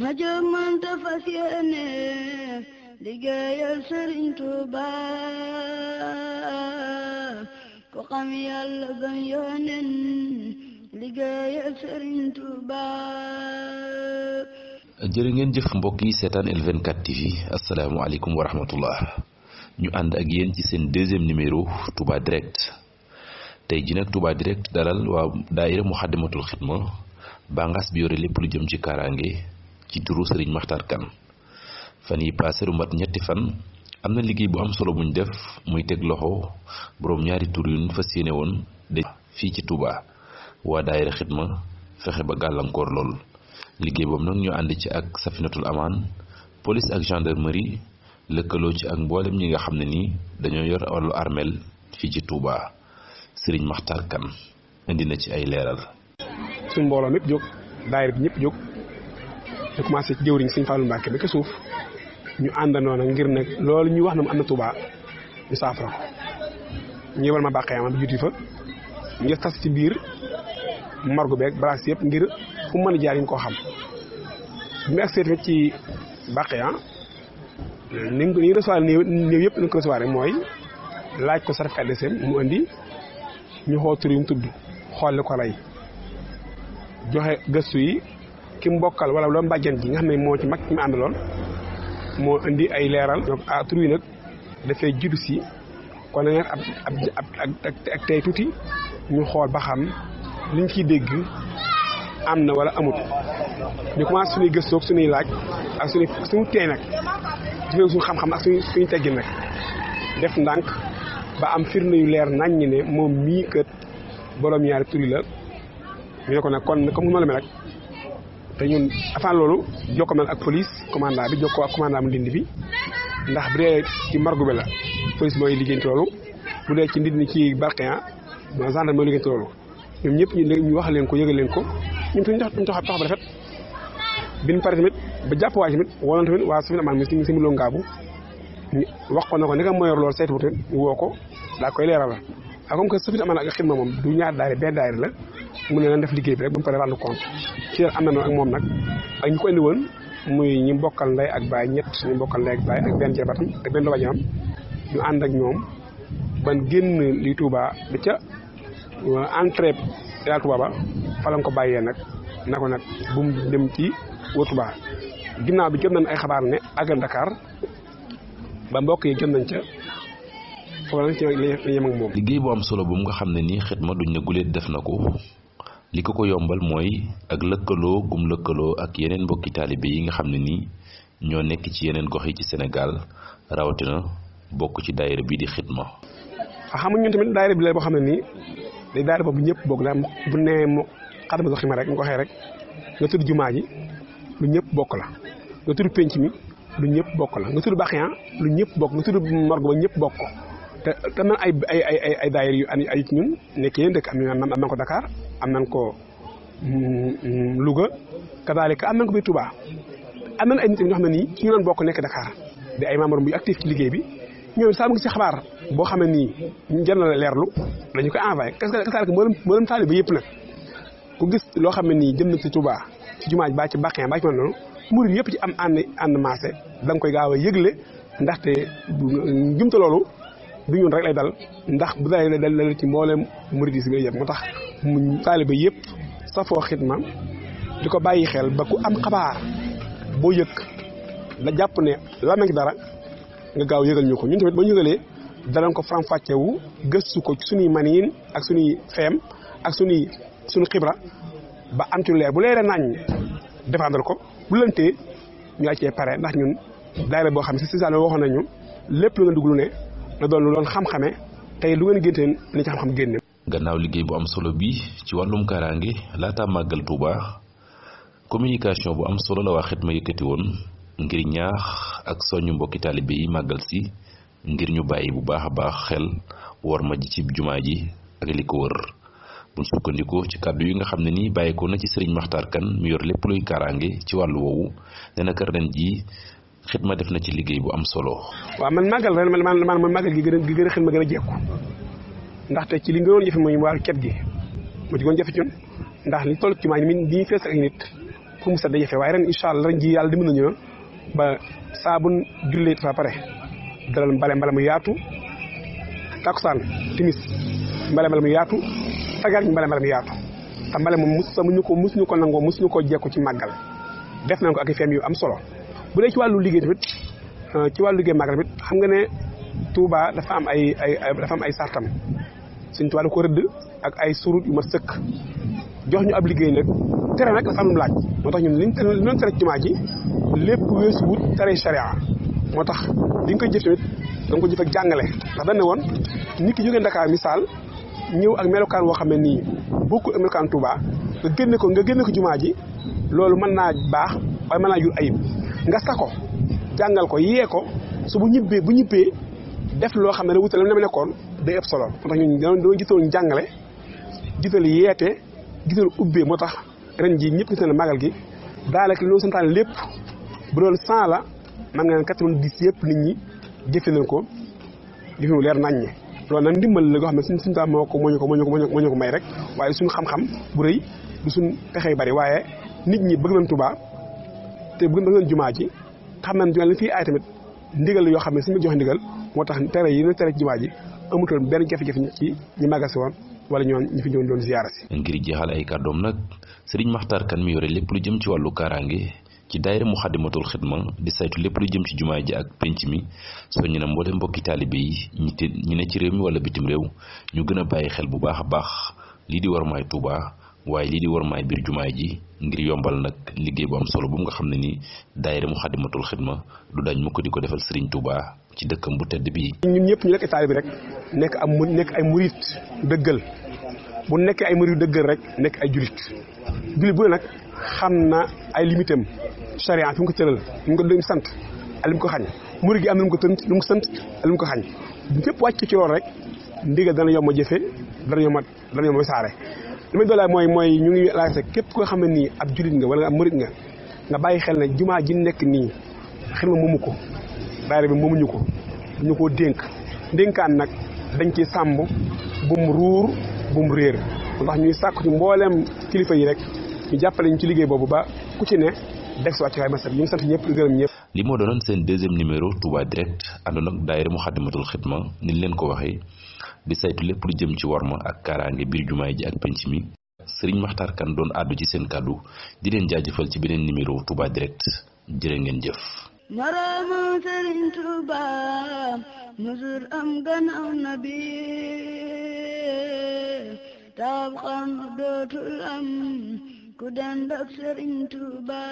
ma jóg fas yéene liggéeyal sëriñ Tuuba ku ngeen jëf mbokk yi seetaan l TV asalaamaaleykum wa rahmatullah ñu ànd ak yéen ci seen deuxième numéro Touba Direct tey ji nag Touba Direct dalal waa daayira Muxaddamatul Xidma bàngaas bi yore lépp lu jëm ci kaaraange ci turu sëriñ Makhtar Kane fan yi passé lu ñetti fan am na liggéey bu am solo buñu def muy teg loxo boroom ñaari tur yu fas yéene woon de fii ci Touba waa daayira xidma fexe ba gàllankoor lool liggéey boobu nag ñu ànd ci ak safinatul amaan police ak gendarmerie lëkkaloo ci ak mboolem ñi nga xam ne nii dañoo yor wàllu armeel fii ci Touba Serigne Makhtar Kane indi na ci ay leeral. suñ mbooloo mépp jóg daayira ñu commencé ci jëwriñ Sëñ Fallou Mbacke ba ca suuf ñu àndandoo ngir nag loolu ñu wax ne am na Touba ñu saafara ko ñu yebal ma bàqee ama bi juti fa ngir tas ci biir morgue beeg balaas yëpp ngir fu mën a jaar ñu koo xam bi mu agsee ci bàqee ah ni ñu ni néew yëpp ni ko recevoir mooy laaj ko certificat de décès mu indi ñu xool tur mu tudd xool ko rey joxe gëstu yi ki mbokkal wala loo mbàjjan ji nga xam ne moo ci mag ci mu àndaloon moo indi ay leeral. donc nag dafay juddu si kon nag ab ak ak tey tuuti ñu xool ba xam liñ ciy dégg am na wala amut ñu commencé suñuy gëstoo suñuy laaj ak suñuy suñu tey nag jëfee ak suñu suñu def ndànk ba am firnde leer nañ ñi ne moom mii kët boroom ñaari turi la ko nag kon comme nu ma la mel rek te ñun avant loolu jokkoo nañ ak police commandant bi jokkoo ak commandant mu Ndindi bi ndax bu dee ci margu bi la police mooy liggéeyantu loolu bu dee ci Ndindi ci Barkéyan mooy ah gendarme mooy liggéeyantu loolu ñoom ñëpp ñu wax leen ko yëgal leen ko ñun suñu tax taxaw ba rafet bi ñu paree tamit ba jàpp waa ji tamit wala waa Safina Amane mi si mënuloo ngaabu wax ko ne ko ni nga moyor loolu saytu bu tamit woo ko daa koy leeralal a ah, comme que Safina a ak xidma moom du ñaar daayira benn daayira la. mu ne def liggéey bi rek ba mu paree rendre compte ci am na ak moom nag ak ñu ko indi woon muy ñu mbokkal ndey ak baay ñett ñi bokkal ndey ak baay ak benn jabatam ak benn wajaam ànd ak ñoom ban génn li Touba ba ca entrée daal Touba ko bàyyee nag na nag bu mu dem ci wër Touba ginnaaw bi jot nañ ay xabaar ne àggal Dakar ba mbokk yi jot nañ ca foofu la ci yem ak moom. liggéey bu am solo bu nga xam ne nii xet ma duñ ne guleet def na ko. li ko ko yombal mooy ak lëkkaloo gum lëkkaloo ak yeneen mbokki taalibe yi nga xam ne nii ñoo nekk ci yeneen gox yi ci senegal rawatina bokk ci daayira bi di xidma. waaw ah, xam nga ñun tamit daayira bi la boo xam ne ni day daayira boobu ñëpp bokk daal bu nee mu xadamatul xima rek nga ko waxee rek nga jumaa ji lu ñëpp bokk la nga tudd penc mi lu ñëpp bokk la nga tudd Baxiyan lu ñëpp bokk nga tudd morgue ba ñëpp bokk ko te te man ay ay ay ay daayira yu ay ay ñun nekk yeneen dëkk am na ko dakaar am nañ ko mm, mm, Louga kadaalika am nañ ko biir Touba am nañ ay nit ñoo xam ne nii ñu naan bokk nekk Dakar di ay membre muy actif ci liggéey bi ñoom saa mu ngi si xabaar boo xam ne nii ñu na la leerlu dañu ko envoyé kadaalika mboolem mboolem taaliba yëpp nag ku gis loo xam ne nii jëm na ci Touba ci jumaaj ba ci Bakhina ba ci man yëpp ci am ànd ànd maase da koy gaaw a yëgle ndaxte jumta loolu du ñun rek lay dal ndax bu dalee dal ci mboolem murid yi si biir yëpp tax mu taaliba yëpp safoo xidma di ko bàyyi xel ba ku am xabaar boo yëg la jàpp ne la dara nga gaaw yëgal ñu ko ñun tamit ba ñu yëgalee danañ ko faram-fàccee gëstu ko ci suñuy maniin ak suñuy feem ak suñuy suñu xibra ba am ci leer bu leeree nañ défendre ko bu lëntee ñu accee pare ndax ñun daayira boo xam ne si si saan waxoon nañu lépp lu ngeen dugg lu ne na doon lu doon xam-xame tey lu ngeen génteen ni ci xam-xam génne gannaaw liggéey bu am solo bi ci wàllum kaaraange laata màggal Tuuba communication bu am solo la waa ma yëkkati woon ngir ñaax ak soññu mbokki taalibe yi màggal si ngir ñu bàyyi bu baax a baax xel worma ji ci jumaa ji ak li ko wër buñ sukkandikoo ci kàddu yi nga xam ne ni bàyyikoo na ci sëriñ Maxtaar Kan mu yor lépp luy kaaraange ci wàllu woowu nee na kër ren jii Xidma def na ci liggéey bu am solo. waaw man màggal ren man màggal gi gën a gi gën a Xidma gën ndaxte ci li ngënoon jafe ñu wàllu ket gi mu di goon jafe ci ndax li toll ci mi ngi nii fees ak nit pour mu set day jafe waaye ren incha allah ren ji yàlla dimbali nañu ba saabun jullit fa pare dalal mbale mbale mu yaatu takusaan timis mbale mbale mu yaatu tagal mbale mbale mu yaatu te moom mos sa muñu ko nangoo mosuñu ko jekku ci màggal def nañ ko ak feem yu am solo bu dee ci wàllu liggéey tamit ah, ci wàllu liggéey màggal tamit xam nga ne Touba dafa am ay ay dafa am ay sartam Sëñ Tuubaa ko rëdd ak ay surut yu mat sëkk jox ñu ab liggéey nag tere nag dafa am laaj moo tax ñun liñ tere liñ tere jumaa ji lépp weesu wut tere charia moo tax di nga ko jëf ko jëf jàngale ndax dañ ne woon nit ki jógee Dakar misaal ñëw ak melokaan woo xam ne nii bokkul ak melokaan Touba nga génne ko nga génne ko jumaa ji loolu mën naa baax waaye mën naa jur ayib nga sa ko jàngal ko yee ko su bu ñibbee bu ñibbee def loo xam ne da wutal nekkoon day ëpp solo moo tax ñun dañoo gisoon jàngale gisal yeete gisal ubbee moo tax ren jii ñëpp gis na magal gi daanaka loolu santaan lépp bu doon cent la man nga ne yëpp nit ñi jëfe ko jëfe leer naññe loolu nag ndimbal la goo xam ne suñ suñu taal moo ko moo ñu ko moo ñu ko moo ko may rek waaye suñu xam-xam bu rëy du suñ pexe yu bari waaye nit ñi bëgg nañ Tuubaa te bëgg nañ jumaa ji xam nañ jumaa li fii aay tamit ndigal yoo xam ne suñu jox ndigal moo tax tere yi ñu tere ci jumaa ji amutoon benn jafe-jafe ci ñi màggal si woon wala ñoon ñi fi ñëwoon doon ziyaara si ngir jeexal ay kàddoom nag sëriñ Maxtaar Kan mi yore lépp lu jëm ci wàllu kaaraange ci daayira Muxaddamatul Xidma di saytu lépp lu jëm ci jumaa ji ak pénc mi soññ na mboolem mbokki taalibe yi ñi te ñi ne ci réew mi wala bitim réew ñu gën a bàyyi xel bu baax a baax lii di war maay Tuubaa waaye lii di wormaay biir jumaa ji ngir yombal nag liggéey bu am solo bu nga xam ne ni daayira mu xadimatul xidma du dañ mukk di ko defal Serigne Touba ci dëkkam bu tedd bii. ñun ñëpp ñu nekk taalibe rek nekk am mu nekk ay murit dëggal bu ay murit dëggal rek nekk ay julit julit bu ne nag xam na ay limitam charia fi mu ko tëral fi mu ko doon sant ak mu ko xañ murit mu ko tënt lu mu ko sant ak mu ko xañ ñëpp wàcc ci loolu rek ndigal dana yomb a jëfe dana yomb a dana yomb a saare li may doolaa mooy mooy ñu ngi laajte képp koo xam ne nii ab julit nga wala ab murit nga nga bàyyi xel ne jumaa ji nekk nii xel ma moomu ko daayira bi moomuñu ko ñu ko dénk dénkaan nag dañ ci sàmm bum ruur bum réer ndax ñuy sàkku ci mbooleem kilifa yi rek ñu jàppale ci liggéey boobu ba ku ci ne deg si wàccuwaay masal ñu ngi sant ñëpp di gërëm ñëpp li moo doonoon seen deuxième numéro Touba Direct àndoon ak daayira Muxaddamatul Xidma ni leen ko waxee di saytu lépp lu jëm ci worma ak kaaraange biir jumaay ji ak penc mi sëriñ Maxtaar Kan doon àddu ci seen kàddu di leen jaajëfal ci beneen numéro Touba Direct jërë ngeen jëf ñoroomu sëriñ Touba musur am gannaaw na taab xam dootul am ku dend sëriñ Touba